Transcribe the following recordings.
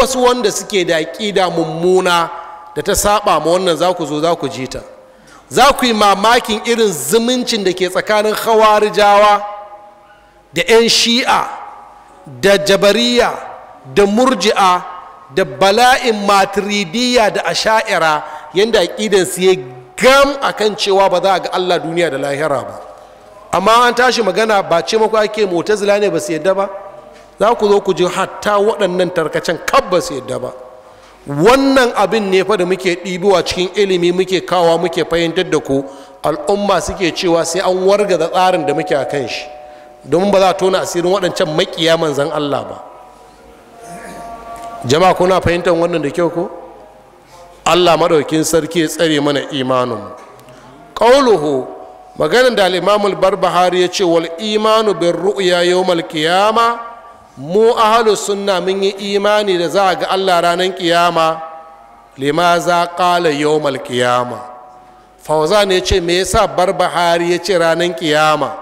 wasu wanda suke da aƙida mummuna da ta saba ma wannan za ku zo za ku ji ta za ku yi mamakin irin zumuncin da ke tsakanin hawarijawa da 'yan shi'a da jabariya da murji'a da bala'in matiridiya da asha'ira yadda aƙidansu ya gam a kan cewa ba za a ga allah duniya da lahira ba amma an tashi magana ba ce makwa ake motazila ne ba su yadda ba za ku zo ku ji hatta waɗannan tarkacen kabbas yadda ba wannan abin ne fa da muke ɗibowa cikin ilimi muke kawa muke fahimtar da ku al'umma suke cewa sai an wargaza tsarin da muke a kan shi domin ba za a tona asirin waɗancan maƙiya manzan Allah ba jama'a kuna fahimtar wannan da kyau ko Allah maɗaukin sarki ya tsare mana imanin qauluhu maganar da al-Imam barbahari ya ce wal imanu bir ru'ya yawm mu ahalu sunna mun yi imani da za a ga allah ranar kiyama limaza ƙala yawmal kiyama fauza ne ce me yasa barbahari ya ce ranar kiyama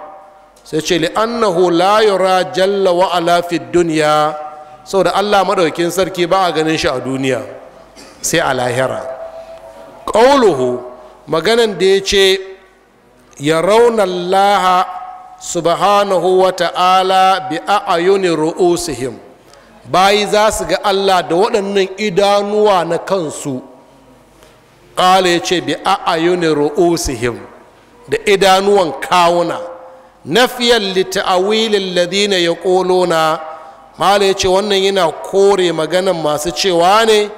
sai ce annahu la yura jalla wa ala fi duniya saboda allah maɗaukin sarki ba a ganin shi a duniya sai a lahira ƙauluhu maganan da ya ce ya rauna laha subhanahu wa ta'ala bi a'ayuni ru'usihim bayi za su ga Allah da waɗannan idanuwa na kansu ƙala ya ce bi a'ayuni ru'usihim da idanuwan kawuna nafiyan lita'awilin ladina ya na mala ya ce wannan yana kore maganan masu cewa ne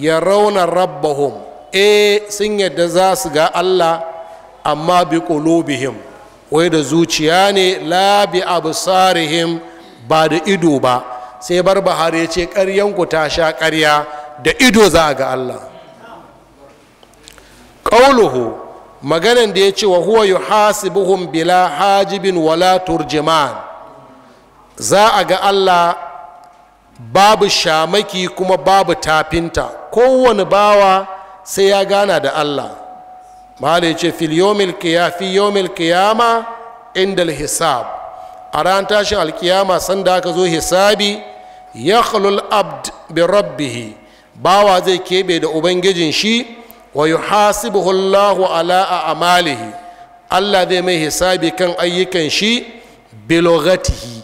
ya rauna rabbahum E sun yadda za su ga Allah amma bi qulubihim wai da zuciya ne labi absarihim ba da ido ba sai bar bahar ya ce ƙaryanku ta sha ƙarya da ido za a ga Allah ƙauluhu maganan da ya ce wa huwa yuhasibuhum bila hajibin wala turjiman za a ga Allah babu shamaki kuma babu tafinta kowane bawa sai ya gana da Allah mahala ya ce fil yomil kiyama indal hisab a ran tashin alkiyama sanda aka zo hisabi ya abd bi rabbihi bawa zai keɓe da ubangijin shi wa yuhasibuhu Allahu ala a amalihi Allah zai mai hisabi kan ayyukan shi bilogatihi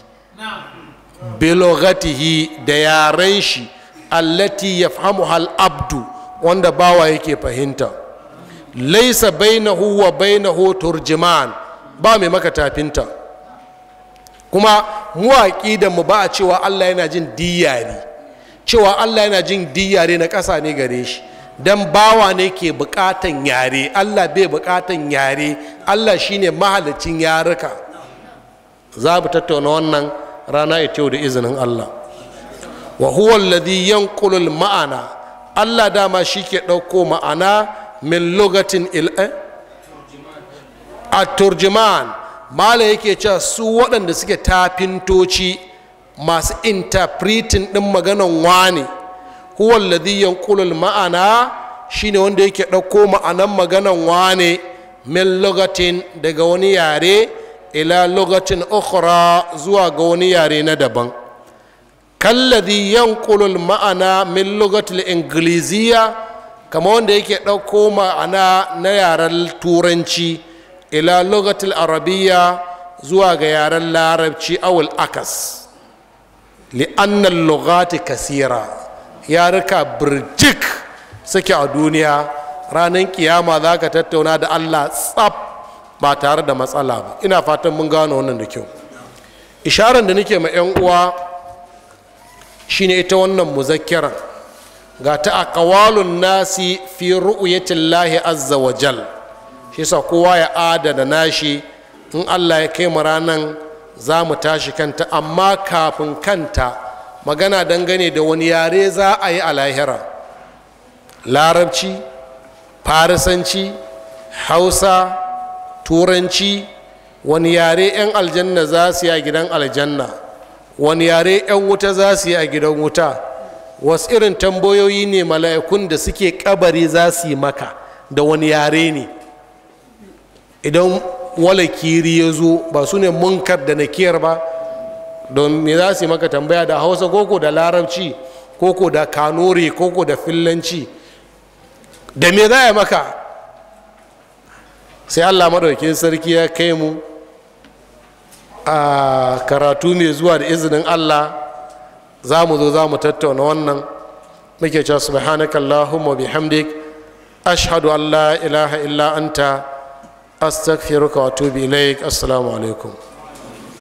bilogatihi da yaren shi allati yafhamu hal abdu wanda bawa yake fahimta laisa bainahu wa bainahu turjiman ba mai maka tafinta kuma mu da mu ba a cewa Allah yana jin diyare cewa Allah yana jin diyare na ƙasa ne gare shi dan bawa ne ke bukatan yare Allah bai bukatan yare Allah shine mahalicin yaruka za mu tattauna wannan rana ya da izinin Allah wa huwa alladhi ma'ana Allah dama shi ke ɗauko ma'ana min lugatin ila eh? a turjiman mala yake cewa su waɗanda suke tafintoci masu interpreting ɗin maganan wani huwal yan yanqulul ma'ana shine wanda yake ɗauko ma'anan maganan wani min lugatin daga wani yare ila lugatin ukhra zuwa ga wani yare na daban kalladhi yanqulul ma'ana min lokacin ingiliziya kamar wanda yake ɗauko ma'ana na yaren turanci ila lugatul arabiya zuwa ga yaren larabci awul akas li'annan logati kasira rika birjik suke a duniya ranar kiyama za ka tattauna da allah tsab ba tare da matsala ba ina fatan mun gano wannan da kyau isharar da nake ma 'yan uwa shine ita wannan muzakkirar ga ta kawalun nasi fi lahi azza wa jal shi kowa ya adana nashi in Allah ya kai maranan ranan za mu tashi kanta amma kafin kanta magana dangane da wani yare za a yi a lahira larabci farisanci hausa turanci wani yare 'yan aljanna za su yi a gidan aljanna wani yare 'yan wuta za su yi a gidan wuta wasu irin tambayoyi ne mala'ikun da suke kabari za su yi maka da wani yare ne idan wala kiri ya zo ba su ne munkar da nakiyar ba don me za su yi maka tambaya da hausa koko da larabci koko da kanore koko da fillanci da me za yi maka sai allah maɗaukin sarki ya kai mu a karatu mai zuwa da izinin allah za mu zo za mu tattauna wannan muke cewa subhanaka allahumma bihamdik ashhadu an la ilaha illa anta astaghfiruka wa atubu ilaik assalamu alaikum